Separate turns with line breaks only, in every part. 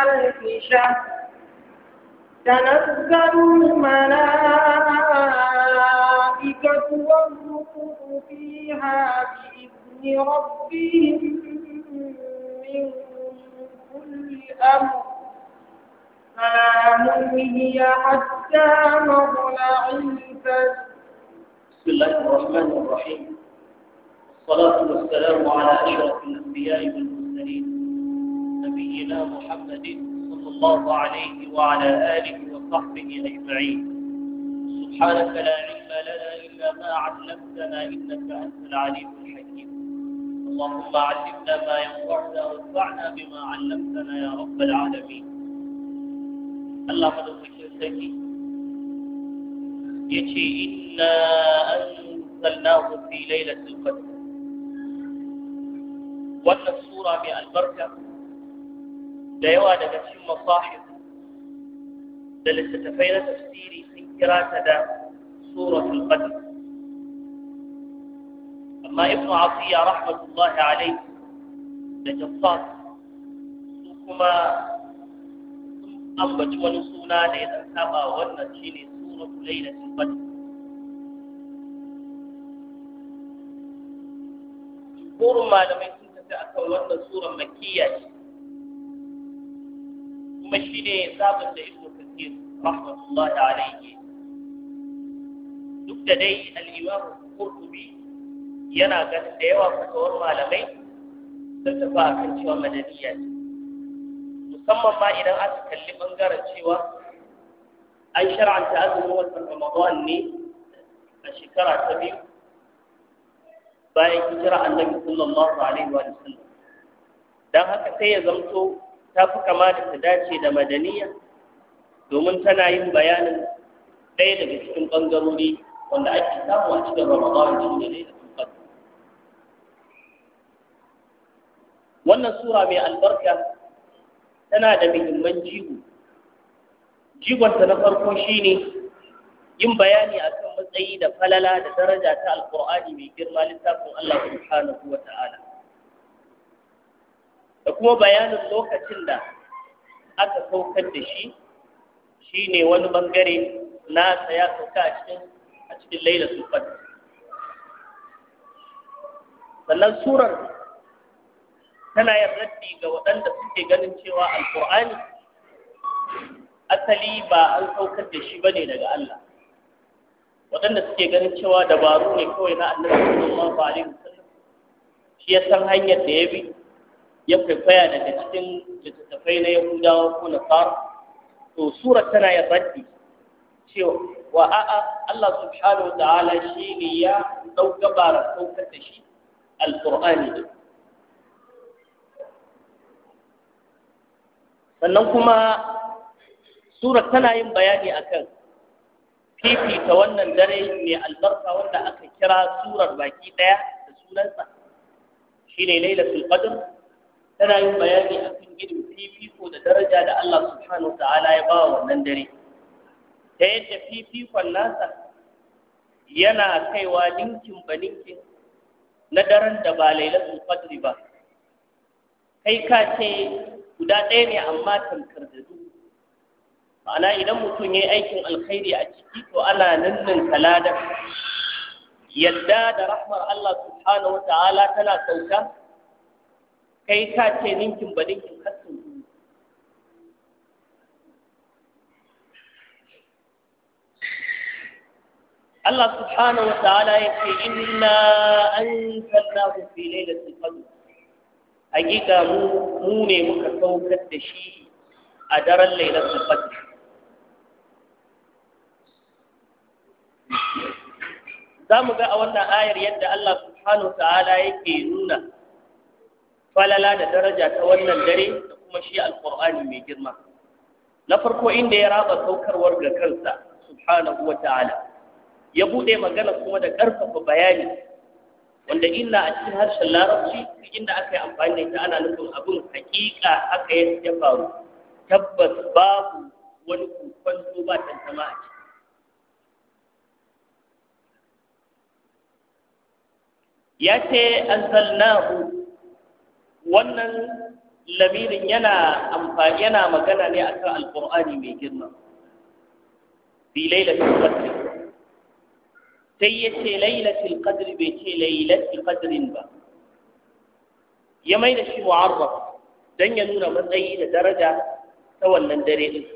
ألف شهر تنزل الملائكة والروح فيها بإذن ربهم من كل أمر سلام هي حتى مطلع الفجر بسم الله الرحمن الرحيم والصلاة والسلام على أشرف الأنبياء والمرسلين نبينا محمد صلى الله عليه وعلى آله وصحبه أجمعين سبحانك لا علم لنا إلا ما علمتنا إنك أنت العليم الحكيم اللهم علمنا ما ينفعنا وانفعنا بما علمتنا يا رب العالمين الله قد وجدتك يجي إنا أنزلناه في ليلة القدر وأن السورة بالبركة ليوانا نفسي مصاحب دلت تتفين تفسيري سنكرات دا صورة القدر
أما ابن عطية
رحمة الله عليه لجبطات سوكما أم بجمل سونا ليلة سابا ونجيني صورة ليلة القدر قرما لما كنت تأكل وأن سورة مكية kuma shi ne sabon da ibnu kathir rahmatullahi alayhi duk da dai al-imam qurtubi yana ganin da yawa fatawar malamai sun tafi akan cewa madaniya ce musamman ma idan aka kalli bangaren cewa an shar'anta azumin watan ramadan ne a shekara ta biyu bayan hijira annabi sallallahu alaihi wa sallam dan haka sai ya zamto ta fi kama da ta dace da madaniya domin tana yin bayanin ɗaya daga cikin ɓangarori wanda ake samu a cikin ramadan shi ne da tukar wannan sura mai albarka tana da muhimman jigo jigonta na farko ne yin bayani akan matsayi da falala da daraja ta alkur'ani mai girma littafin Allah subhanahu wa ta'ala da kuma bayanin lokacin da aka saukar da shi shi ne wani bangare na ya sauka a cikin a cikin sannan surar tana yin raddi ga waɗanda suke ganin cewa alqur'ani asali ba an saukar da shi ne daga Allah waɗanda suke ganin cewa dabaru ne kawai na annabi sallallahu alaihi wasallam shi ya san hanyar da ya bi ya kwaikwaya daga cikin littattafai na yahudawa ko nasara to surar tana ya raddi cewa wa a'a Allah subhanahu wa ta'ala shi ne ya dauka bara saukar da shi alqur'ani sannan kuma surar tana yin bayani akan fifita wannan dare mai albarka wanda aka kira surar baki daya da sunansa shine lailatul qadr tana yin bayani a cikin irin fifiko da daraja da Allah subhanahu wa ta'ala ya ba wannan dare ta yadda fifikon nasa yana kaiwa ninkin ba ninkin na daren da ba lailatul qadri ba kai ka ce guda ɗaya ne amma tamkar da dubu ma'ana idan mutum ya yi aikin alkhairi a ciki to ana nannan kaladar yadda da rahmar Allah subhanahu wa ta'ala tana sauka kai ka ce ninkin ba ninkin kasu Allah subhanahu wa ta'ala ya ce inna anzalnahu fi lailatul qadr hakika mu mu ne muka saukar da shi a daren lailatul qadr za mu ga a wannan ayar yadda Allah subhanahu wa ta'ala yake nuna falala da daraja ta wannan dare da kuma shi Alƙur'ani mai girma na farko inda ya raba saukarwar ga kansa subhanahu ta'ala, ya bude magana kuma da ƙarfafa bayani wanda inna a cikin harshen larabci inda aka yi amfani da ita ana nufin abin haƙiƙa haka ya faru tabbas babu wani kwanto ba tantama a ciki ya ce anzalnahu wannan lamirin yana amfani yana magana ne akan alqur'ani mai girma bi lailatul qadr sai ya ce lailatul qadr bai ce lailatul qadrin ba ya mai da shi mu'arraf dan ya nuna matsayi da daraja ta wannan dare din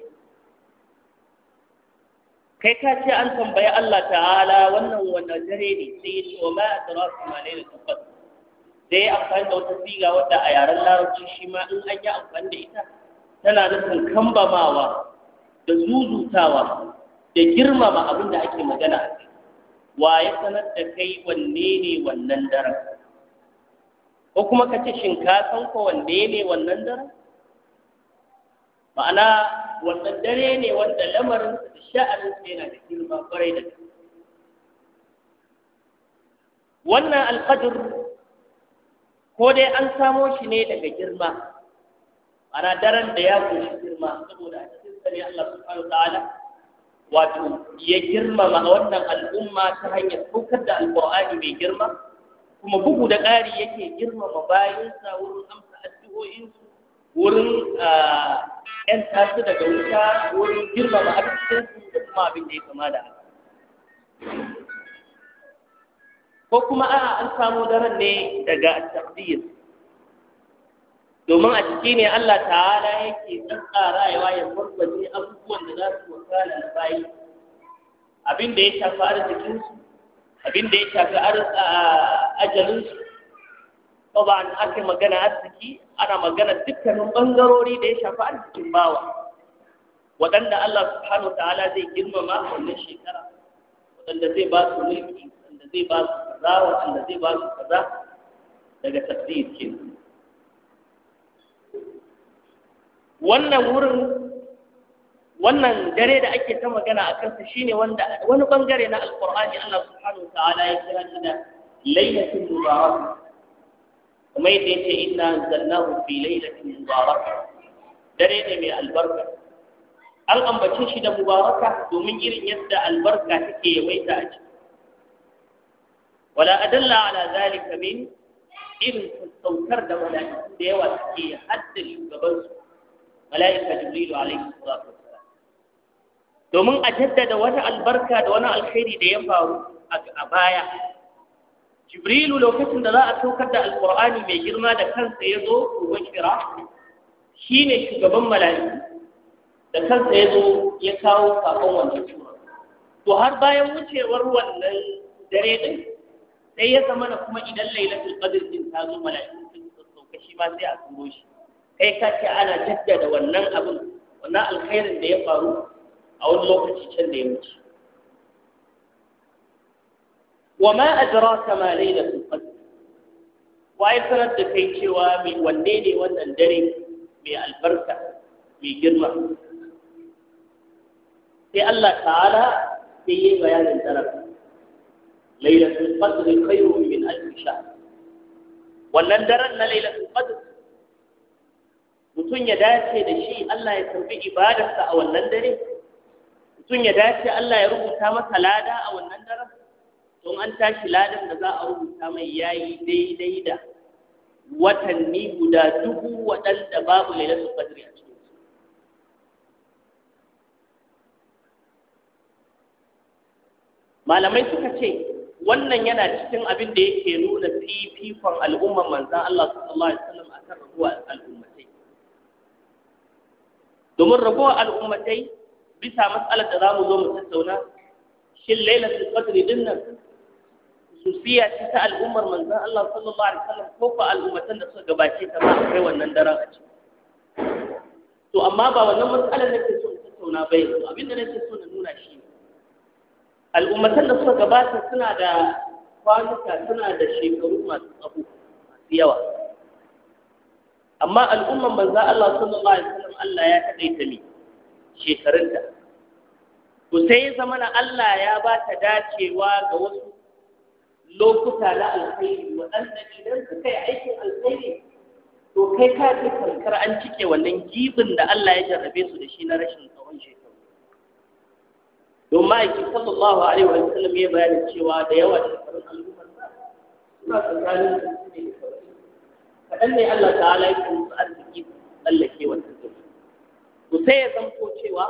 kai ka ce an tambayi Allah ta'ala wannan wannan dare ne sai ya ce wa ma adraka ma lailatul qadr
da ya amfani da
wata siga wadda a yaren larabci shi ma in an yi amfani da ita tana nufin kambamawa da zuzutawa da girmama abin da ake magana a kai wa ya sanar da kai wanne ne wannan daren ko kuma ka ce shin ka san ko wanne ne wannan daren ma'ana wannan dare ne wanda lamarin da sha'anin yana da girma kwarai da wannan alfajir ko dai an samo shi ne daga girma ana daren da ya goshi girma saboda a cikin sani Allah subhanahu ta'ala wato ya girmama wannan al'umma ta hanyar saukar da alƙur'ani mai girma kuma bugu da ƙari yake girmama bayansa wurin amsa addu'o'insu wurin ƴan tasu daga wuta wurin girmama abincinsu da kuma abin da ya kama da haka ko kuma a an samu daren ne daga takdir domin a ciki ne Allah ta'ala yake rayuwa ya farfaje abubuwan da za su wakala da bayi abin da ya shafi arzikinsu abin da ya shafi ajalinsu an ake magana arziki ana magana dukkanin bangarori da ya shafi arzikin bawa waɗanda Allah subhanahu ta'ala zai girmama wannan shekara wanda zai ba su mulki wanda zai ba su kaza wanda zai ba su kaza daga tafsir ke wannan wurin wannan dare da ake ta magana a kansa shine wanda wani bangare na alqur'ani Allah subhanahu wa ta'ala ya kira shi da laylatul mubarak kuma yadda yace inna anzalnahu fi laylatin mubarakah dare ne mai albarka an ambace shi da mubaraka domin irin yadda albarka take yawaita a ciki wala adalla ala zalika min irin saukar da mala'iku da yawa suke hadda shugabansu mala'ika jibrilu alaihi salatu wassalam domin a jaddada wani albarka da wani alkhairi da ya faru a baya jibrilu lokacin da za a saukar da alqur'ani mai girma da kansa ya zo ruwan shira shine shugaban mala'iku da kansa ya zo ya kawo sakon wannan sura to har bayan wucewar wannan dare din sai ya zama na kuma idan lailatul qadr din ta zo mala'iku sun sauka shi ma sai a turo shi kai ka ce ana jaddada wannan abin wannan alkhairin da ya faru a wani lokaci can da ya wuce wa ma adraka ma lailatul qadr wa ya sanar da kai cewa mai wanne ne wannan dare mai albarka mai girma sai Allah ta'ala sai yi bayanin daren lailatul qadr khairun min alf shahr wannan daren na lailatul qadr mutum ya dace da shi Allah ya karbi ibadarsa a wannan dare mutum ya dace Allah ya rubuta masa lada a wannan daren don an tashi ladan da za a rubuta mai yayi daidai da watanni guda dubu waɗanda babu lailatul qadr ya ciki malamai suka ce wannan yana cikin abin da yake nuna fifikon al'ummar manzan Allah sallallahu alaihi wasallam akan rabuwa al'ummatai domin rabuwa al'ummatai bisa matsalar da zamu zo mu tattauna shin lailatul qadri din nan sufiya ce ta al'ummar manzan Allah sallallahu alaihi wasallam ko fa al'ummatan da suka gabace ta ba kai wannan daren a ciki to amma ba wannan matsalar nake so tattauna ba yanzu abin da nake so na nuna shi ne al'ummatan da suka gabata suna da kwanuka suna da shekaru masu tsaho masu yawa amma al'umman manzo Allah sallallahu alaihi wasallam Allah ya kadaita mi shekarunta to sai ya zama na Allah ya ba ta dacewa ga wasu lokuta na alkhairi waɗanda idan suka yi aikin alkhairi to kai ka ce karkar an cike wannan gibin da Allah ya jarrabe su da shi na rashin tsawon shekaru don ma'aiki sallallahu alaihi wa sallam ya bayani cewa da yawa da shekarun al'umma suna tsakanin su ne kaɗan ne Allah ta'ala ya kuma arziki tsallake wannan zuri to sai ya zamto cewa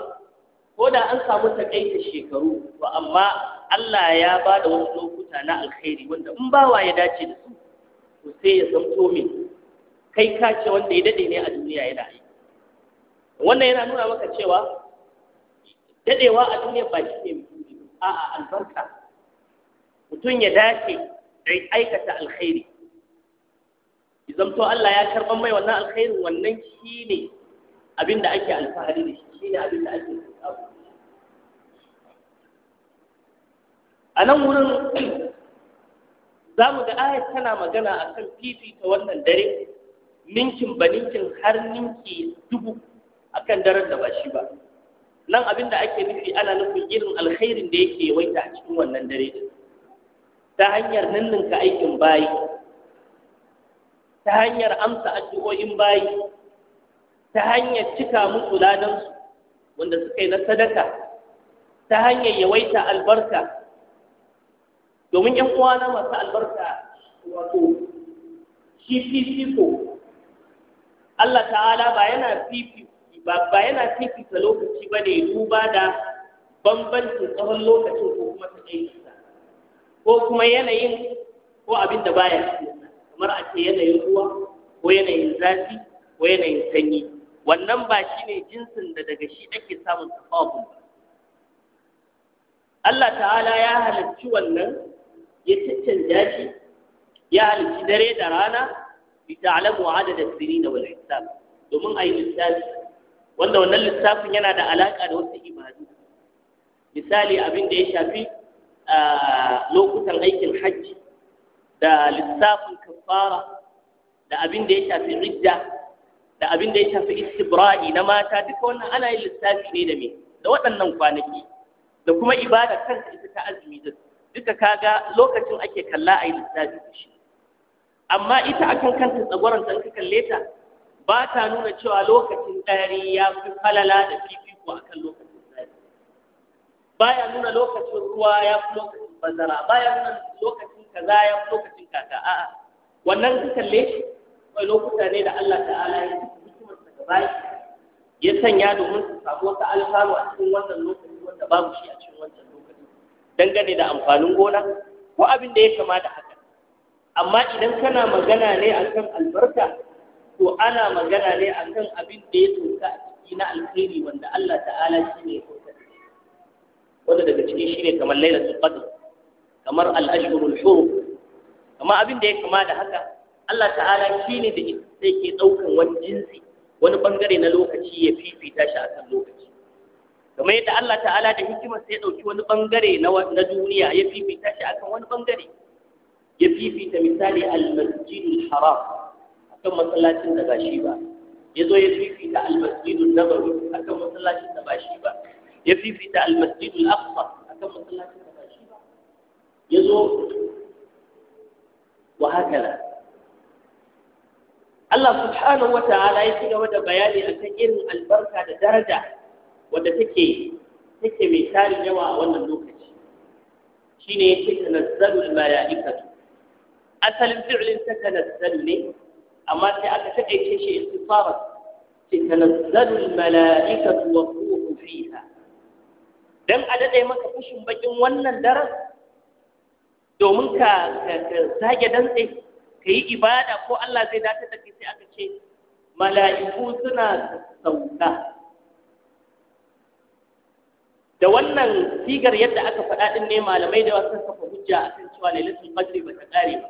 ko da an samu takaita shekaru to amma Allah ya ba da wasu lokuta na alkhairi wanda in bawa ya dace da su to sai ya zamto min kai ka ce wanda ya dade ne a duniya yana yi wannan yana nuna maka cewa dadewa a duniya ba shi ne a a albarka mutum ya dace da aikata alkhairi zamto Allah ya karban mai wannan alkhairin wannan shi ne abin da ake alfahari da shi shi ne abin da ake a nan wurin za mu ga ayat tana magana a kan fifita wannan dare ninkin ba ninkin har ninki dubu a kan daren da ba shi ba nan abin da ake nufi ana nufin irin alkhairin da yake yawaita a cikin wannan dare ta hanyar ninninka aikin bayi ta hanyar amsa addu'o'in bayi ta hanyar cika musu ladansu wanda suka yi na sadaka ta hanyar yawaita albarka domin yan uwa na masu albarka wato shi fifiko Allah ta'ala ba yana fifiko babba yana fifita lokaci ba ne duba da bambancin tsawon lokacin ko kuma ta taƙaitinsa ko kuma yanayin ko abin da baya cikinsa kamar a ce yanayin ruwa ko yanayin zafi ko yanayin sanyi wannan ba shi ne jinsin da daga shi ake samun tafawun ba Allah ta'ala ya halarci wannan ya caccanja shi ya halarci dare da rana bi ta'lamu adada sirri da wal hisab domin ayi lissafi wanda wannan lissafin yana da alaƙa da wasu ibadu misali abin da ya shafi lokutan aikin hajji da lissafin kafara da abin da ya shafi ridda da abin da ya shafi istibra'i na mata duka wannan ana yin lissafi ne da me da waɗannan kwanaki da kuma ibada kanta ita ta azumi da duka kaga lokacin ake kalla a yi lissafi da shi amma ita akan kanta tsagoran ta ka kalle ta ba ta nuna cewa lokacin ɗari ya fi falala da fifiko a kan lokacin ɗari. ba ya nuna lokacin ruwa ya fi lokacin bazara ba ya nuna lokacin kaza ya fi lokacin kaka a'a wannan ka kalle shi kawai lokuta ne da Allah ta'ala ya fi daga gaba ya sanya domin su samu wata alfanu a cikin wannan lokaci wanda babu shi a cikin wannan lokaci dangane da amfanin gona ko abin da ya kama da haka amma idan kana magana ne akan albarka to ana magana ne akan abin da ya toka a ciki na alkhairi wanda Allah ta'ala shi ne wanda daga ciki shi ne kamar lailatul qadr kamar al-ashhurul hurum kamar abin da ya kama da haka Allah ta'ala shi ne da sai ke daukan wani jinsi wani bangare na lokaci ya fifita shi akan lokaci kamar yadda Allah ta'ala da hikimar sai ya ɗauki wani bangare na duniya ya fifita shi akan wani bangare ya fifita misali al-masjidul haram kan masallacin da ba shi ba ya zo ya fifita almasjidun nabawi akan masallacin da ba shi ba ya fifita almasjidul aqsa akan masallacin da ba shi ba ya zo wa hakala Allah subhanahu wa ta'ala ya ci gaba da bayani akan irin albarka da daraja wadda take take mai tarin yawa a wannan lokaci shine yake tanazzalu al-mala'ikatu asalin fi'lin ta tanazzalu ne amma sai aka taƙaice shi istifara ce tanazzalu mala'ikatu wa ruhu fiha dan a dade maka kushin bakin wannan daras
domin ka zage
dantse ka yi ibada ko Allah zai dace da kai sai aka ce mala'iku suna sauka da wannan sigar yadda aka faɗa din ne malamai da wasu suka hujja kan cewa lailatul qadri ba ta ƙare ba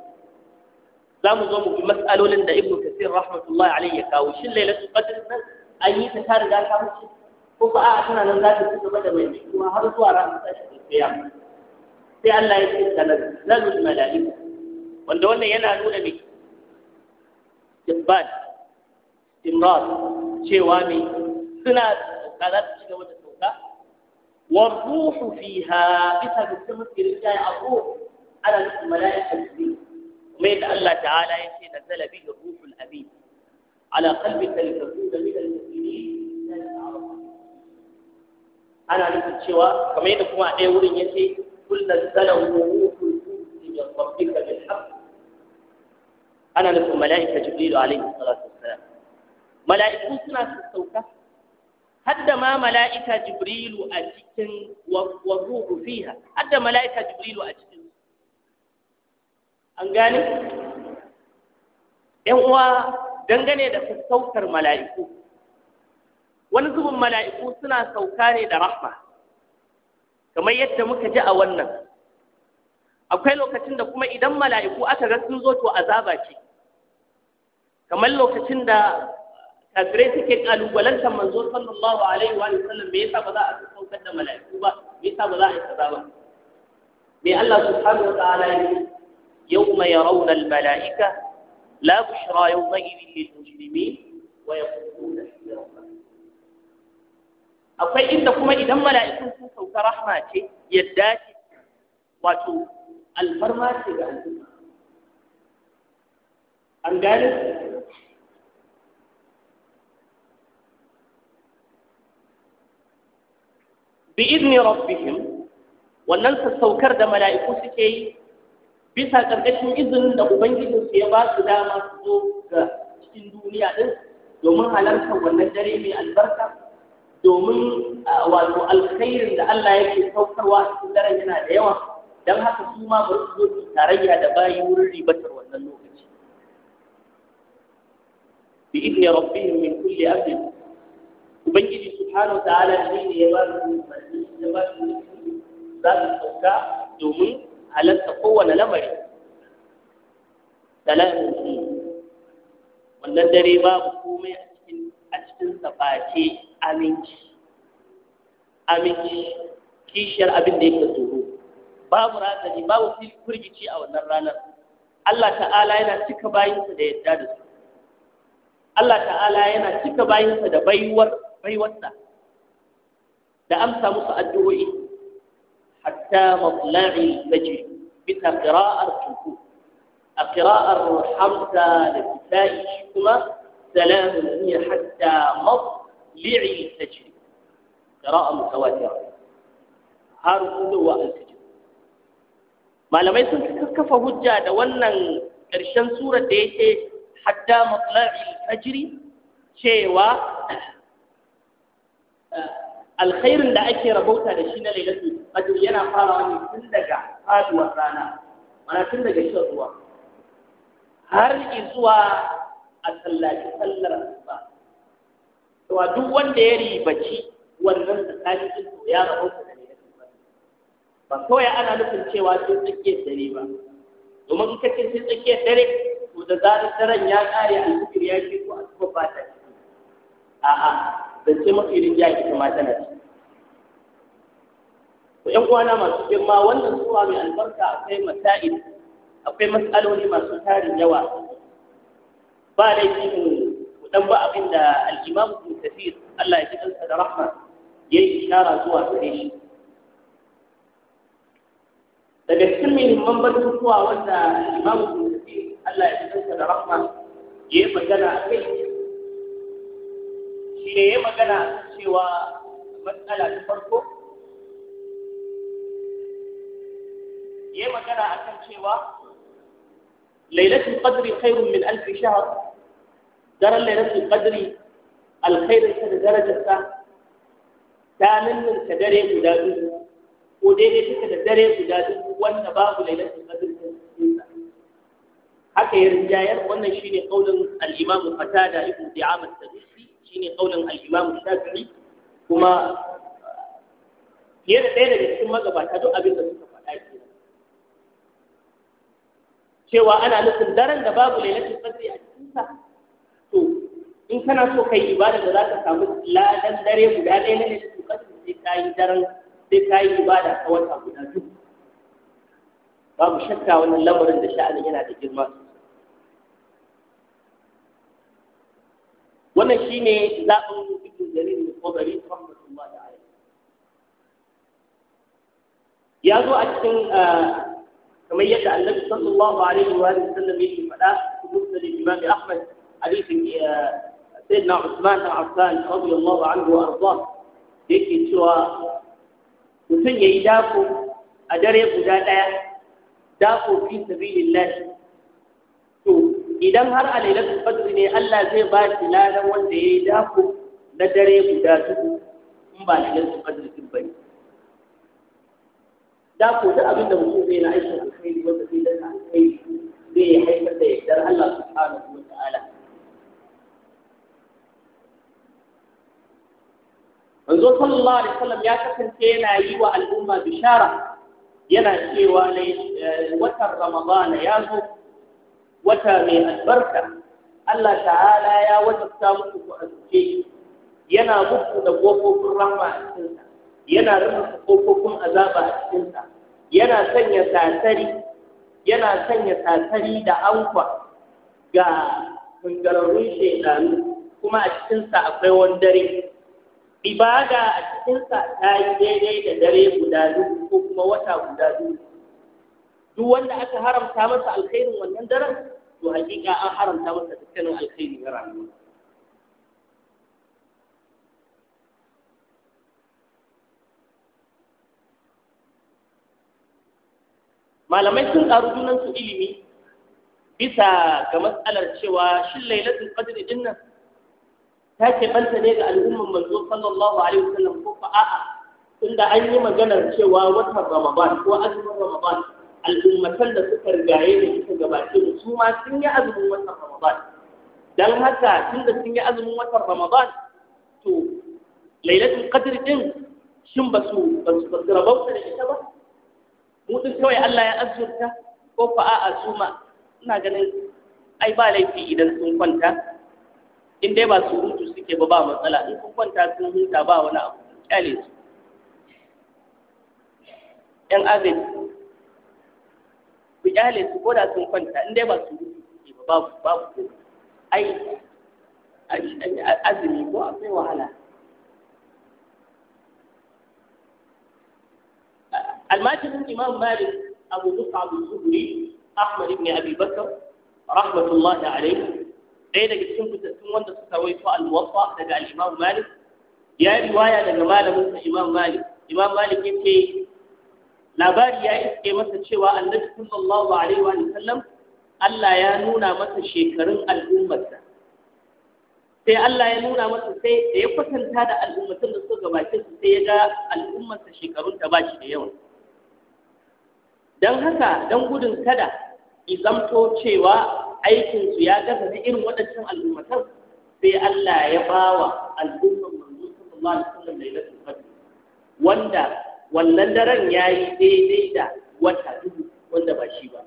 za mu zo mu bi mas'alolin da ibnu kasir rahmatullahi alayhi ya kawo shin lailatul qadr nan an yi ta tare da ta mutu ko ba a tana nan za ta ci gaba da mai kuma har zuwa ranar tashin kiyama sai Allah ya ce tanzalul mala'iku wanda wannan yana nuna mai jibban imran cewa mai suna sauka za su ci gaba da sauka wa ruhu fiha bisa da sun kirkiya a ruhu ana nufin mala'ikatu kuma yadda Allah ta'ala ya ce da zalabi da ruhul amin ala qalbi ka litakuna min al ana nufin cewa kamar yadda kuma a ɗaya wurin ya ce kullum zalahu ruhul min ana nufin mala'ika jibrilu mala'iku suna hadda ma mala'ika jibrilu a cikin an gane ‘yan uwa dangane da saukar mala'iku wani zubin mala'iku suna sauka ne da rahma kamar yadda muka ji a wannan akwai lokacin da kuma idan mala'iku aka ga sun zo to azaba ce kamar lokacin da kafirai suke kalubalantar manzo sallallahu alaihi wa sallam me yasa ba za a saukar da mala'iku ba me yasa ba za a yi kaza ba me Allah subhanahu wa ta'ala ya يوم يرون الملائكة لا بشرى يومئذ للمجرمين ويقولون akwai inda kuma idan mala'ikun sun sauka rahma ce yadda ce wato alfarma ce ga al'umma an gane bi izni rabbihim wannan sassaukar da mala'iku suke yi bisa ƙarƙashin izinin da ubangijin su ya ba su dama su zo ga cikin duniya ɗin domin halartar wannan dare mai albarka domin wato alkhairin da Allah yake saukarwa cikin daren yana da yawa don haka su ma bari su zo su tarayya da bayi wurin ribatar wannan lokaci bi idni rabbihim min kulli amrin ubangiji subhanahu wa ta'ala ne ya ba su ya ba su za su sauka domin halatta kowane lamari talatin wannan dare babu komai a cikin a cikin sabace aminci aminci kishiyar abin da yake tsoro babu razani babu firgici a wannan ranar Allah ta'ala yana cika bayinsa da yadda da su
Allah ta'ala yana cika
bayinsa da baiwar baiwarsa da amsa musu addu'o'i حتى مطلع الفجر بك قراءة الكفوف أقراءة الحمد لكفاء الشكمة سلام هي حتى مطلع الفجر قراءة متواترة هارفود وأنتجر ما لم يكن كف هجاد وأن كرشان سورة ديته حتى مطلع الفجر شيء alkhairin da ake rabauta da shi na lailatul qadr yana farawa ne tun daga faduwar rana mana tun daga shan ruwa har zuwa a sallaci sallar asuba to duk wanda ya ribaci wannan tsakanin din to ya rabauta da lailatul qadr ba kawai ana nufin cewa sai tsakiyar dare ba domin in kace sai tsakiyar dare to da zarar daren ya kare alfijir ya ke ko asuba ba ta a'a zance mafi rinjaye ita ma tana to ƴan uwana masu girma wannan suwa mai albarka akwai masail akwai matsaloli masu tarin yawa ba laifi mu dan ba abin da al-Imam Ibn Kathir Allah ya ji kansa da rahma yayi ishara zuwa gare shi daga cikin muhimman batutuwa wanda Imam Ibn Kathir Allah ya ji kansa da rahma yi magana akai shi ne ya magana cewa matsala ta farko Yi magana a kan cewa lailatul qadri khairun min alf shahr daren lailatul qadri alkhairin ta da darajarsa ta nannin ta dare guda dubu ko daidai take da dare guda dubu wanda babu lailatul qadri ta haka ya rinjayar wannan shine kaulin al-imam Qatada ibn Di'am al-Tabisi shine kaulin al-imam Shafi'i kuma eh, fiye da ɗaya daga cikin magabata duk abin da suka cewa ana nufin daren da babu lailatul qadri a cikinsa to in kana so kai ibada da za ka samu ladan dare guda ɗaya na lailatul qadri sai ka yi daren sai ka yi ibada a wata guda duk babu shakka wannan lamarin da sha'anin yana da girma wannan shine zaɓin ibn jarir bin qadari rahmatullahi alayhi
ya zo a cikin ah, kamar yadda annabi sallallahu alaihi wa
sallam yake faɗa a musnad imam ahmad hadisin eh, sayyidina usman bin affan radiyallahu anhu wa ardah yake cewa mutum yayi dako a dare guda ɗaya dako fi sabilillah to idan har a lailatul qadr ne Allah zai ba shi ladan wanda yayi dako na dare guda dubu in ba lailatul qadr din bane da ko duk abin da mutum zai na aikin alkhairi wanda zai dana alkhairi zai haifar da yardar Allah subhanahu wa ta'ala manzo sallallahu alaihi wasallam ya kasance yana yi wa al'umma bishara yana cewa watan Ramadana ya zo wata mai albarka Allah ta'ala ya wajabta muku ku azumce yana muku da gofofin rahma a cikinsa yana rufe kofofin azaba a cikinsa yana sanya tasari yana sanya tasari da ankwa ga hungararrun shaidanu kuma a cikinsa akwai wani dare ibada a cikinsa ta yi daidai da dare guda dubu ko kuma wata guda dubu duk wanda aka haramta masa alkhairin wannan daren to hakika an haramta masa dukkanin alkhairi na rayuwa malamai sun ƙaru su ilimi bisa ga matsalar cewa shin lailatul qadr din nan ta ke banta ne ga al'umman manzo sallallahu alaihi wasallam ko fa a'a tunda an yi maganar cewa wata ramadan ko azumin ramadan al'ummatan da suka rigaye da suka gabace mu su ma sun yi azumin watan ramadan dan haka tunda sun yi azumin watan ramadan to lailatul qadr din shin ba su ba su rabauta da ita ba mu din kawai Allah ya azurta ko fa a'a su ma ina ganin ai ba laifi idan sun kwanta in dai ba su hutu suke ba ba matsala in sun kwanta sun huta ba wani abu kyale su yan azin ku kyale su ko da sun kwanta in dai ba su hutu suke ba babu babu ai azumi ko akwai wahala almajirin imam malik abu mus'ab al-zuhri ahmad ibn abi bakr rahmatullahi daga cikin fitattun wanda suka waito al-muwatta daga al malik ya yi riwaya daga malamin sa imam malik imam malik yace labari ya iske masa cewa annabi sallallahu alaihi wa sallam Allah ya nuna masa shekarun sai Allah ya nuna masa sai da ya kwatanta da al'ummatin da suka gabace su sai ya ga al'ummarsa shekarun ta ba shi da yawa don haka don gudun kada zamto cewa aikinsu ya gaza na irin waɗancan al'ummatan sai Allah ya bawa al'umman manzo sallallahu alaihi wasallam lailatul qadr wanda wannan daren yayi daidai da wata dubu wanda ba shi ba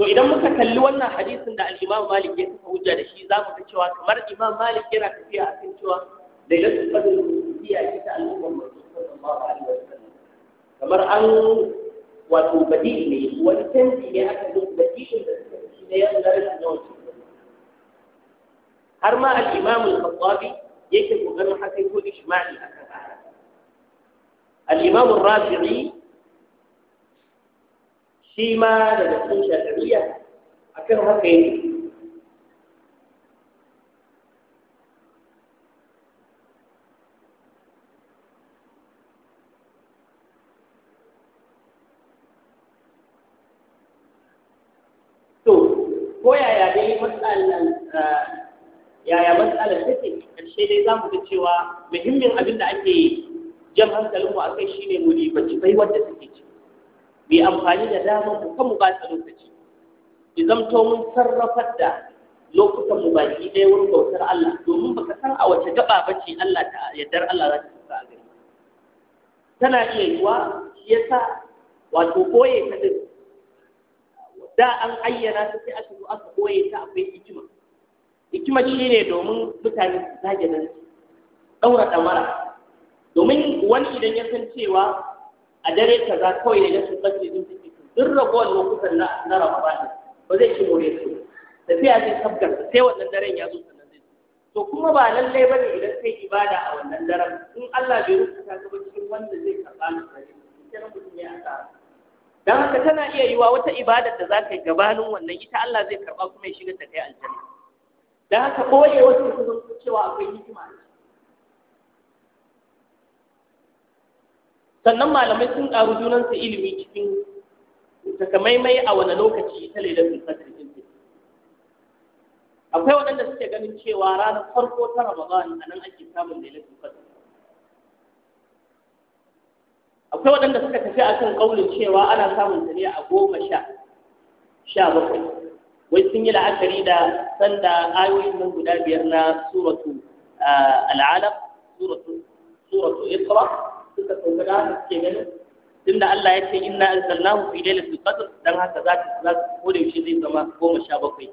to idan muka kalli wannan hadisin da al-Imam Malik ya saka hujja da shi zamu ga cewa kamar Imam Malik yana tafiya a kan cewa lailatul qadr ya ta al'umman manzo sallallahu alaihi wasallam kamar an wato badi ne wani canji ne aka zo badi da suka fi na yan su rashin yawan har ma al-imam al-khattabi yake kokarin haka ko ijma'i akan al-imam ar-rafi'i shi ma daga cikin shafi'iyya kan haka yake ko yaya dai matsalan eh, yaya matsalar take karshe dai za mu ga cewa muhimmin abin da ake jan hankalin mu akai shine mu ribaci bai wanda take ci mu amfani da damar mu kan mu ba ta lokaci ki zamto mun sarrafar da lokutan mu baki daya wurin bautar Allah domin baka san a wace gaba bace Allah ta yaddar Allah za ta tsaka a gari tana iya yiwa yasa wato boye ta da an ayyana ta sai aka zo aka koye ta akwai hikima hikima shi ne domin mutane su zage nan ɗaura ɗamara domin wani idan ya san cewa a dare za kawai ne na su kasance din ciki duk ragowar lokutan na na ramadan ba zai ci more su tafiya sai tabgar sai wannan daren ya zo sannan zai to kuma ba lallai ba ne idan kai ibada a wannan daren in Allah bai rubuta ka ba cikin wanda zai karɓa ni sai mutum ya tsara. dan haka tana iya yiwa wata ibada da zaka yi gabanin wannan ita Allah zai karba kuma ya shiga ta kai aljanna dan haka koye wasu su zo cewa akwai hikima sannan malamai sun karu junan ilimi cikin takamaimai a wani lokaci ta lailatul qadr din akwai waɗanda suke ganin cewa ranar farko ta Ramadan anan ake samun sun qadr akwai waɗanda suka tafi a kan ƙaunin cewa ana samun ta ne a goma sha sha bakwai wai sun yi la'akari da sanda ayoyin nan guda biyar na suratu al'alam suratu suratu isra suka sauka da haka suke ganin tunda Allah ya ce inna anzalnahu fi lailatul qadr dan haka za ta za ko da yaushe zai zama goma sha bakwai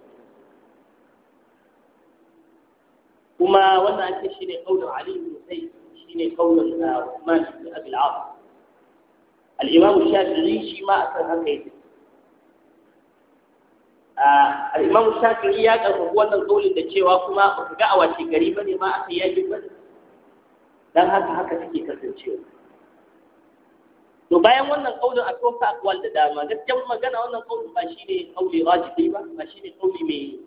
kuma wannan ake shine kaulin Ali ibn sai shine kaulin Uthman ibn Abi al-As al'imamu shafi'i shi ma a kan haka yake al'imamu shafi'i ya karfafi wannan kaulin da cewa kuma ba ka ga a wace gari ba ne ma aka yaƙi ba dan haka haka take kasancewa to bayan wannan kaulin a tofa akwal da dama gaskiyar magana wannan kaulin ba shi ne kauli rajibi ba ba shi ne kauli mai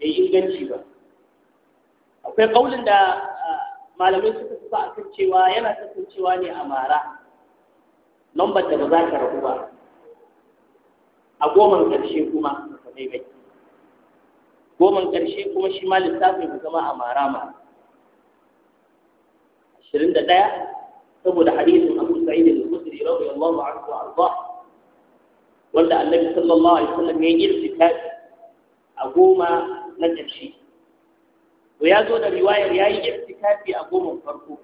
inganci ba akwai kaulin da malamai suka fi a kan cewa yana kasancewa ne a mara lambar da ba za ta rabu ba a goman ƙarshe kuma ka daidai goman ƙarshe kuma shi ma lissafin ku zama a marama ashirin da ɗaya saboda hadisin abu sa'id al-khudri radiyallahu anhu wa arda wanda annabi sallallahu alaihi wasallam ya yi irtikafi a goma na ƙarshe to ya zo da riwayar ya yi irtikafi a goman farko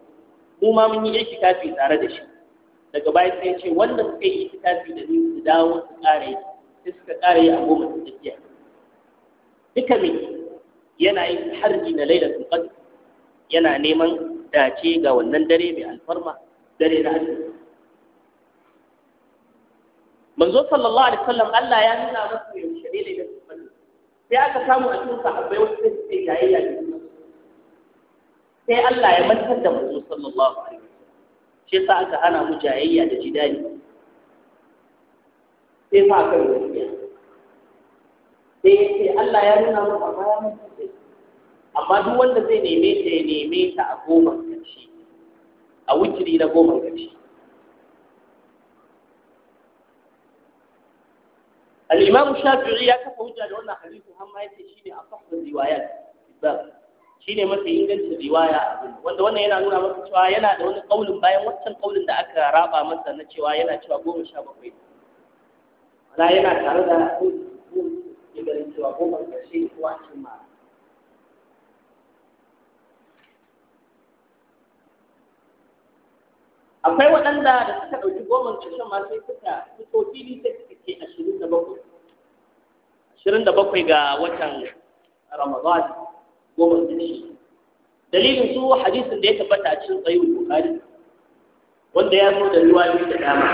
mu ma mun yi irtikafi tare da shi daga baya sai ya ce wannan suka yi itikafi da ni su dawo su ƙara sai suka ƙara yi a goma su tafiya duka mai yana yin harji na Laila qadr yana neman dace ga wannan dare mai alfarma dare na azumi manzo sallallahu alaihi wasallam Allah ya nuna masa yaushe ne lailatul qadr sai aka samu a cikin sahabbai wasu sai jayayya da sai Allah ya mantar da manzo sallallahu alaihi wasallam shi sa aka hana mu jayayya da jidali sai ma kan gaskiya sai ya ce Allah ya nuna mu a baya mun amma duk wanda zai neme ta ya neme ta a goma karshe a wikiri na goma karshe al-imam shafi'i ya kafa hujja da wannan hadisi amma yace shine a fahimtar riwayat bab shine mafi ingancin riwaya wanda wannan yana nuna maka cewa yana da wani kaulin bayan wancan kaulin da aka raba masa na cewa yana cewa goma sha bakwai ana yana tare da ya ganin cewa goma ƙarshe ko kuwa cikin mara akwai waɗanda da suka ɗauki goman cikin ma sai suka fito fili sai suka ke ashirin da bakwai ashirin da bakwai ga watan ramadan goma da shi dalilin su hadisin da ya tabbata a cikin sahih bukhari wanda ya zo da riwayoyi da dama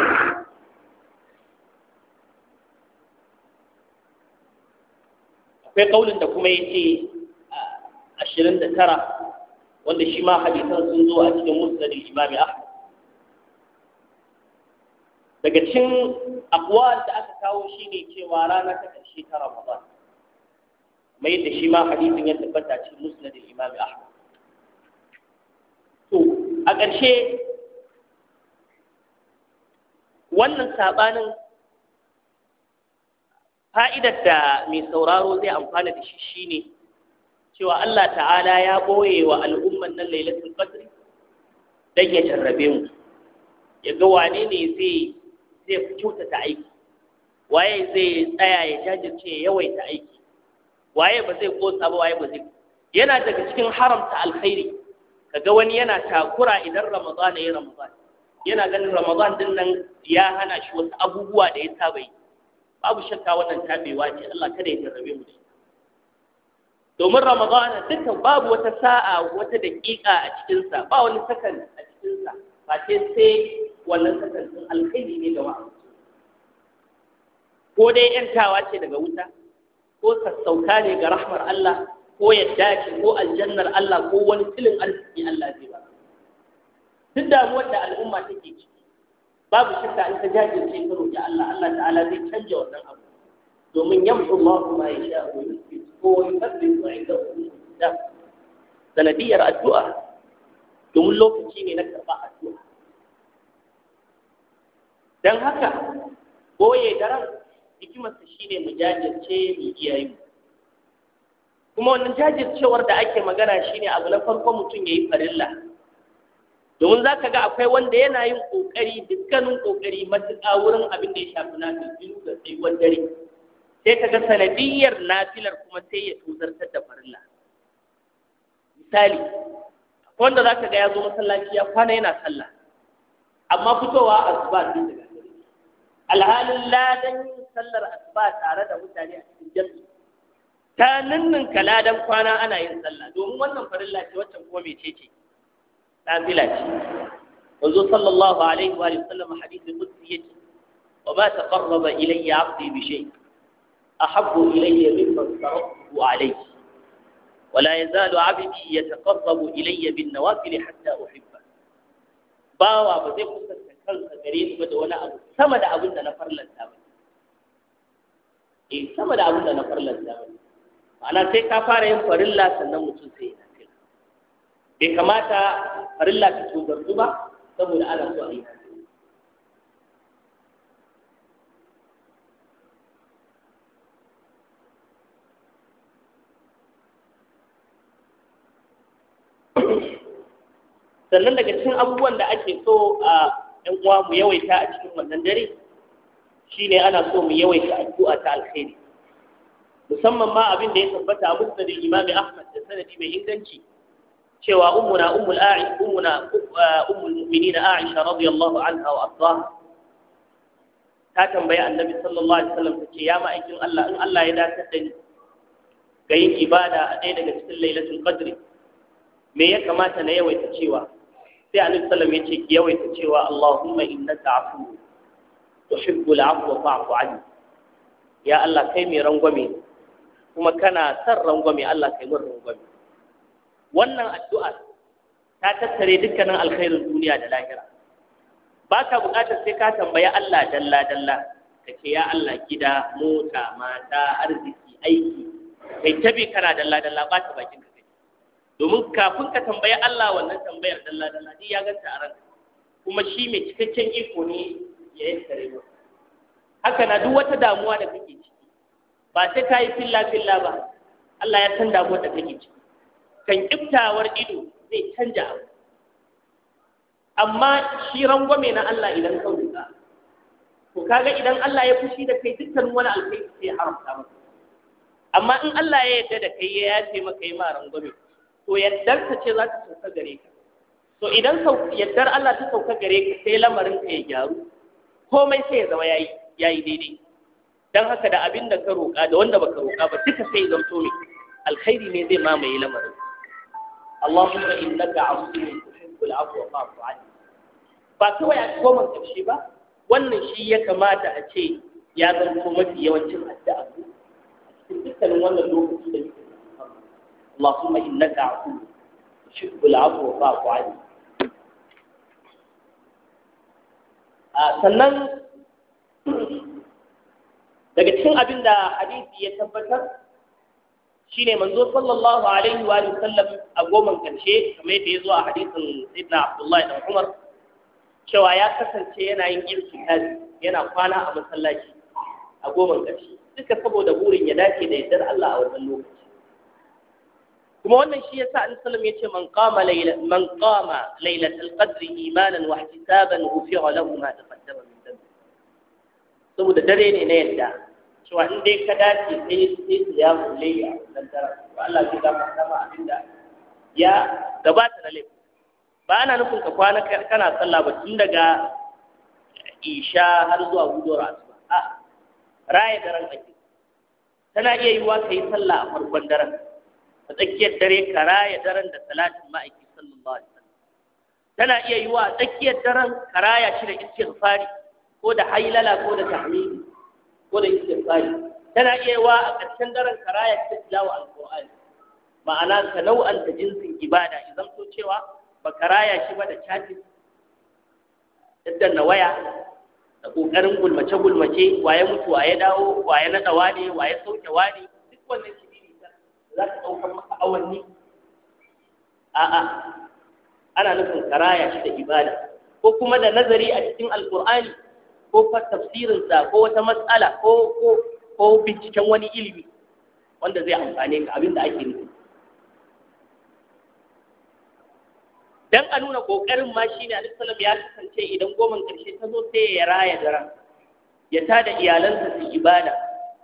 akwai kaulin da kuma ya ce ashirin da tara, wanda shi ma hadisan sun zo a cikin musnad al mai ahmad daga cikin akwai da aka kawo shi ne cewa rana ta ƙarshe ta ramadan mai da shi ma hadisin ya tabbata cikin musnadin imam ahmad to a ƙarshe wannan sabanin fa'idar da mai sauraro zai amfana da shi shine cewa Allah ta'ala ya ɓoye wa al'umman nan lailatul qadr dan ya jarrabe mu ya ga wane ne zai zai kyautata aiki waye zai tsaya ya jajirce ya yawaita aiki waye ba zai kosa ba waye ba zai yana daga cikin haramta alkhairi kaga wani yana takura idan ramadan ya ramadan yana ganin ramadan din nan ya hana shi wasu abubuwa da ya saba yi babu shakka wannan tabewa ce Allah kada ya jarrabe mu domin ramadan dukkan babu wata sa'a wata daƙiƙa a cikin sa ba wani sakan a cikin sa ba sai sai wannan sakan din alkhairi ne ga wa'azi ko dai yantawa ce daga wuta ko sassauta ne ga rahmar Allah ko yadda ce ko aljannar Allah ko wani tilin arziki Allah zai ba duk damuwar da al'umma take ciki babu shakka in ta jajirce ta roƙi Allah Allah ta'ala zai canja wannan abu domin yamsu Allahu ma yasha wa yusbit ko yusbit wa indahu da sanadiyar addu'a domin lokaci ne na karɓa addu'a Don haka boye daren hikimarsa shine mu jajirce mu iyaye mu kuma wannan jajircewar da ake magana shine abu na farko mutum ya yi farilla domin za ka ga akwai wanda yana yin ƙoƙari dukkanin ƙoƙari matuƙa wurin abin da ya shafi na biyu da tsayuwar dare sai ka ga sanadiyyar nafilar kuma sai ya tozartar da farilla misali wanda za ka ga ya zo masallaci ya kwana yana sallah amma fitowa a zuba da alhalin ladan yin sallar asuba tare da mutane a cikin jami'i ta ninninka ladan kwana ana yin sallah domin wannan farilla ce waccan kuma mece ce nafila ce wanzu sallallahu alaihi wa sallam hadisi qudsi yace wa ma taqarraba ilayya 'abdi bi shay ahabbu ilayya mimma taraktu alayhi ولا يزال عبدي يتقرب إلي بالنوافل حتى أحبه باوا بزي kanka gare ni da wani abu sama da abin da na farlanta ba eh sama da abin da na farlanta ba ana sai ka fara yin farilla sannan mutum sai ya kai bai kamata farilla ta tubartu ba saboda ana so a yi sannan daga cikin abubuwan da ake so a ah, ɗan uwa mu yawaita a cikin wannan dare shine ana so mu yawaita addu'a ta alkhairi musamman ma abin da ya tabbata a musnadin imami ahmad da sanadi mai inganci cewa ummuna ummul aisha ummuna uh, ummul mu'minin aisha radiyallahu anha wa ardaha ta tambayi annabi sallallahu alaihi wasallam tace ya ma'aikin Allah in Allah ya dace da ni ga yin ibada a ɗaya daga cikin lailatul qadri me ya kamata na yawaita cewa sai annabi sallam ya ce ki yawaita cewa Allahumma innaka afu tuhibbul afwa fa'fu anni ya Allah kai mai rangwame kuma kana san rangwame Allah kai mai rangwame wannan addu'a ta tattare dukkanin alkhairin duniya da lahira ba ka buƙatar sai ka tambaya Allah dalla dalla ka ce ya Allah gida mota mata arziki aiki kai tabi kana dalla dalla ba ta bakin domin kafin ka tambayi Allah wannan tambayar dalla dalla shi ya ganta a ranka kuma shi mai cikakken iko ne ya yi tare ba haka na duk wata damuwa da kake ciki ba sai ka yi filla filla ba Allah ya san damuwar da kake ciki kan kiftawar ido zai canja abu amma shi rangwame na Allah idan ka wuta to kaga idan Allah ya fushi da kai dukkan wani alkhairi sai haramta maka amma in Allah ya yarda da kai ya yace maka yi ma rangwame to yaddarsa ce za ta sauka gare ka to idan yaddar Allah ta sauka gare ka sai lamarin ka ya gyaru komai sai ya zama ya yi daidai Don haka da abin da ka roƙa da wanda baka roƙa ba duka sai ya zamto ne alkhairi ne zai mamaye lamarin Allahumma innaka afuwwun tuhibbul afwa fa'fu anni ba kawai a goma karshe ba wannan shi ya kamata a ce ya zanto mafi yawancin addu'a a cikin dukkanin wannan lokaci da muke اللهم إنك عفو تحب العفو فاعف عني sannan daga cikin abin da hadisi ya tabbatar ne manzo sallallahu alaihi wa sallam a goman karshe kamar yadda ya zo a hadisin ibn abdullahi dan umar cewa ya kasance yana yin kazi, yana kwana a masallaci a goman karshe duka saboda burin ya dace da yaddar Allah a wannan lokaci kuma wannan shi yasa annabi sallallahu alaihi wasallam yace man qama layla man qama laylatul qadri imanan wa ihtisaban ghufira lahu ma taqaddama min dhanbi saboda dare ne na yadda cewa in dai ka dace sai sai ya mulle ya nan to Allah zai ga ma abinda ya gabata na laifi ba ana nufin ka kwana kana sallah ba tun daga isha har zuwa gudura asuba a raya daren ake tana iya yiwa ka yi sallah a farkon daren a tsakiyar dare ka raya daren da salatin ma'aiki sallallahu alaihi wasallam tana iya wa a tsakiyar daren ka raya shi da istighfari ko da hailala ko da tahmidi ko da istighfari tana iya yi wa a ƙarshen daren ka raya shi da tilawa alqur'ani ma'ana ka nau'anta jinsin ibada idan to cewa ba ka raya shi ba da chatting na waya da ƙoƙarin gulmace-gulmace waye mutu waye dawo waye naɗa ne waye sauke ne duk wannan shi za ta ɗaukar maka awanni a'a ana nufin karaya shi da ibada ko kuma da nazari a cikin alkur'ani ko fa tafsirinsa ko wata matsala ko ko ko binciken wani ilimi wanda zai amfane ka abin da ake nufi dan a nuna kokarin ma shine Alaihi Salam ya kasance idan goman karshe ta zo sai ya raya daren ya tada iyalansa su ibada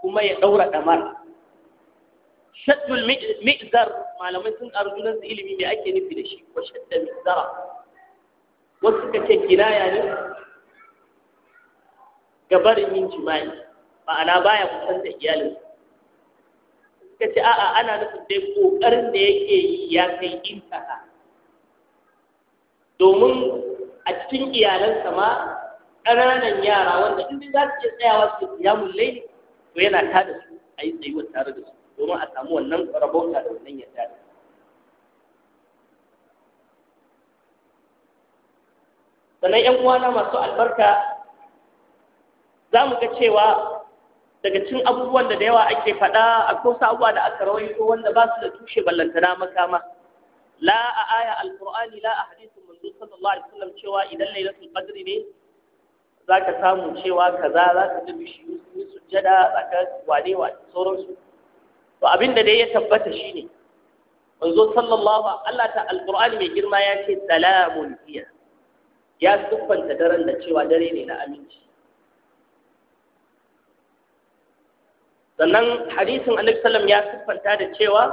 kuma ya daura kamar shaddul mi'zar malamai sun nan su ilimi mai ake nufi da shi wa shadda mi'zara wasu suka ce kinaya ne gabarin yin jima'i ma'ana baya kusan da iyalin suka ce a'a ana nufin dai kokarin da yake yi ya kai intaka domin a cikin iyalansa ma
ƙananan yara wanda in
za su iya tsayawa su yi kiyamun laili to yana tada su a yi tsayuwar tare da su domin a samu wannan rabauta da wannan yadda sannan ‘yan uwana masu albarka za mu ga cewa daga cin abubuwan da da yawa ake faɗa a kosa abubuwa da aka ko wanda ba su da tushe ballantana makama la a aya alƙur'ani la a hadisin manzo sallallahu alaihi wasallam cewa idan lailatul qadri ne za ka samu cewa kaza za ka ji bishiyu su sujjada za ka wane wa sauransu to abin da dai ya tabbata shine manzo sallallahu Allah ta alqur'ani mai girma ya ce salamun hiya ya siffanta daren da cewa dare ne na aminci sannan hadisin annabi sallam ya siffanta da cewa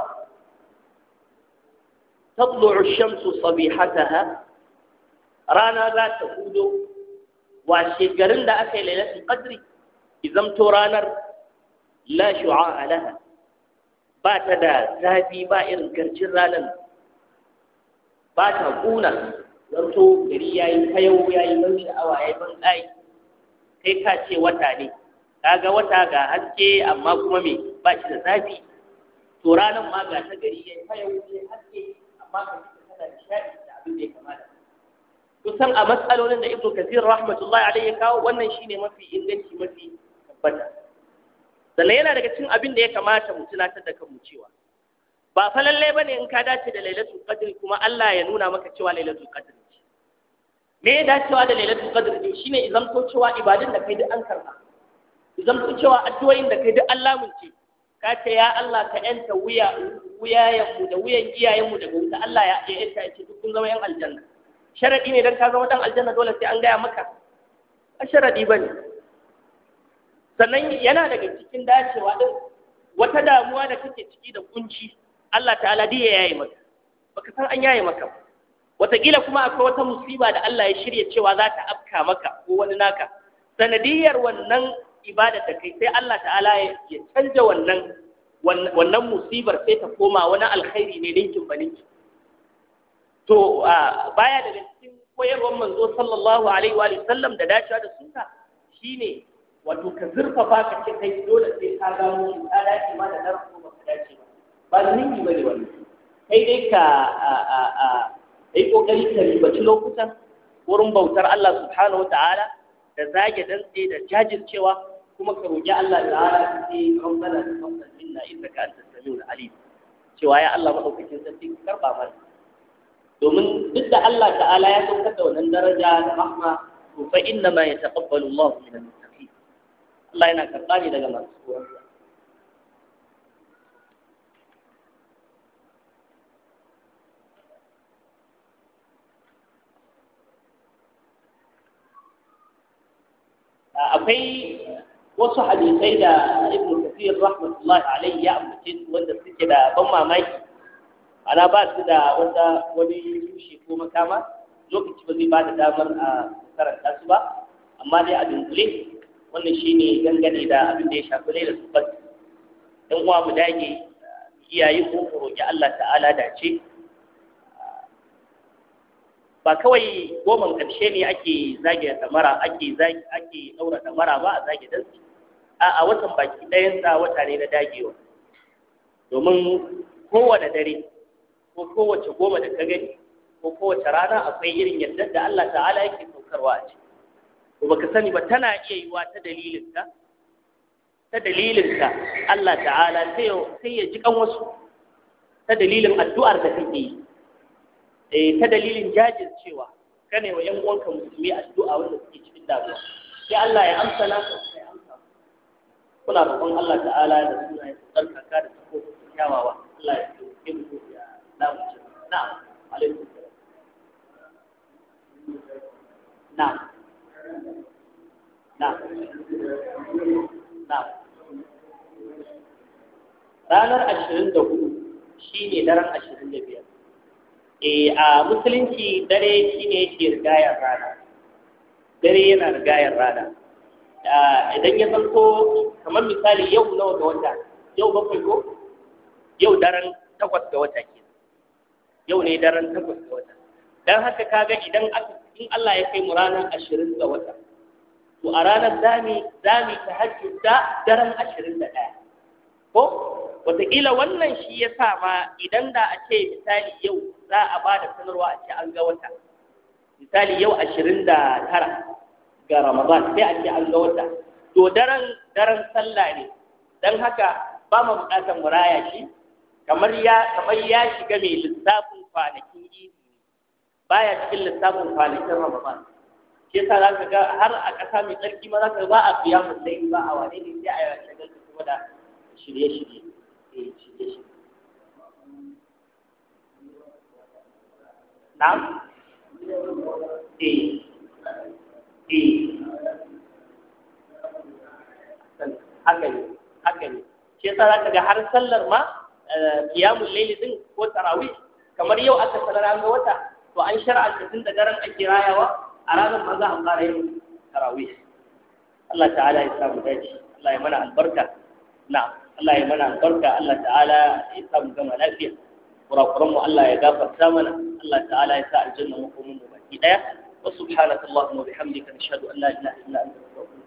تطلع الشمس صبيحتها رانا ذات هودو washe garin da aka yi lailatul qadri izamto ranar la shu'a laha ba ta da zafi ba irin garcin ranar ba ta kuna zarto gari ya yi kayau ya yi ban sha'awa ya yi ban ƙai kai ka ce wata ne ga wata ga haske amma kuma me ba shi da zafi to ranar ma ga ta gari ya yi kayau ya yi haske amma ka ce tana da shaɗi da abin da ya kamata kusan a matsalolin da ibnu kasir rahmatullahi alaihi ya kawo wannan shine mafi inganci mafi tabbata sannan yana daga cikin abin da ya kamata mu tunatar da kanmu cewa ba fa lalle bane in ka dace da lailatul qadr kuma Allah ya nuna maka cewa lailatul qadr ce me ya dacewa da lailatul qadr ne shine idan to cewa ibadun da kai duk an karba idan to cewa addu'o'in da kai duk Allah mun ce ka ce ya Allah ka yanta wuya ya ku da wuyan iyayen mu daga wuta Allah ya ya yanta ce duk kun zama yan aljanna sharadi ne dan ka zama dan aljanna dole sai an gaya maka a sharadi bane sannan yana daga cikin dacewa din wata damuwa da kake ciki da kunci Allah ta'ala dai ya yaye maka baka san an yaye maka wataƙila kuma akwai wata musiba da Allah ya shirya cewa za ta afka maka ko wani naka sanadiyar wannan ibada da kai sai Allah ta'ala ya canja wannan wannan musibar sai ta koma wani alkhairi ne ninkin ba ninkin to baya daga cikin koyarwar manzo sallallahu alaihi wa sallam da dacewa da sunna shine wato ka zurfafa ka ce kai dole sai ka gano shi ka dace ma da nan ko ba ka dace ba ba yi ba ne wannan kai dai ka yi kokari ka ribaci lokutan wurin bautar Allah subhanahu wa ta'ala da zage dantse da jajircewa kuma ka roƙi Allah ta'ala sai rabbana taqabbal minna innaka antas samiul alim cewa ya Allah madaukakin sarki ka karba mana domin duk da Allah ta'ala ya saukar da wannan daraja da rahma to fa inna ma yataqabbalu Allahu min Allah yana karɓa ne daga masu tsoronsa akwai wasu hadisai da ibn kafir rahmatullahi alaihi ya ambace su wanda suke da ban mamaki ana ba su da wanda wani tushe ko makama lokaci ba zai ba da damar a karanta su ba amma dai a dunkule wannan shine gangane da abin da ya shafi ne da subat ɗan uwa mu dage iyaye ko ku Allah ta'ala dace ba kawai goman karshe ne ake zage tamara ake zage ake daura tamara ba a zage dan a a watan baki ɗayan sa wata ne na dagewa domin kowane dare ko kowace goma da ka gani ko kowace rana akwai irin yadda da Allah ta'ala yake saukarwa a ciki to baka sani ba tana iya yiwa ta dalilinka ta dalilinka Allah ta'ala sai ya ji kan wasu ta dalilin addu'ar da kake yi eh ta dalilin jajircewa kane wa yan uwanka musulmi addu'a wanda suke cikin damuwa sai Allah ya amsa na ka sai amsa kuna roƙon Allah ta'ala da suna ya tsarka, ka da tsako kyawawa Allah ya yi mu ya namu na'am alaikum na'am ranar ashirin da hudu shi ne daren ashirin da biyar eh, a musulunci dare shi ne yake rigayar rana dare yana rigayar rana idan ya zanto kamar misali yau nawa ga wata yau bakwai ko yau daren takwas ga wata ke yau ne daren takwas ga wata dan haka kaga idan in Allah ya kai mu ranar ashirin ga wata to a ranar zami zami ta hajji da daren ashirin da ɗaya ko wataƙila wannan shi ya sa ma idan da a ce misali yau za a ba da sanarwa a ce an ga wata misali yau ashirin da tara ga ramadan sai a ce an ga wata to daren daren sallah ne don haka ba mu buƙatar muraya shi kamar ya kamar ya shiga mai lissafin kwanakin idi baya cikin littafin kwanakin ramadan shi yasa za ka ga har a ƙasa mai tsarki ma za ka ba a biya mu musayi ba a wane ne sai a yi shagal da kuma da shirye-shirye eh, shirye-shirye na'am eh eh haka ne haka ne shi yasa za ka ga har sallar ma eh, kiyamun laili din ko tarawih kamar yau aka sanar an ga wata to an shar'anta tun da daren ake rayawa a ranar ma za a fara yin tarawih Allah ta'ala ya samu dace Allah ya mana albarka na Allah ya mana albarka Allah ta'ala ya samu gama lafiya kurakuran mu Allah ya gafarta mana Allah ta'ala ya sa aljanna mu kuma mu baki daya wa subhanakallahumma wa bihamdika nashhadu an la ilaha illa anta astaghfiruka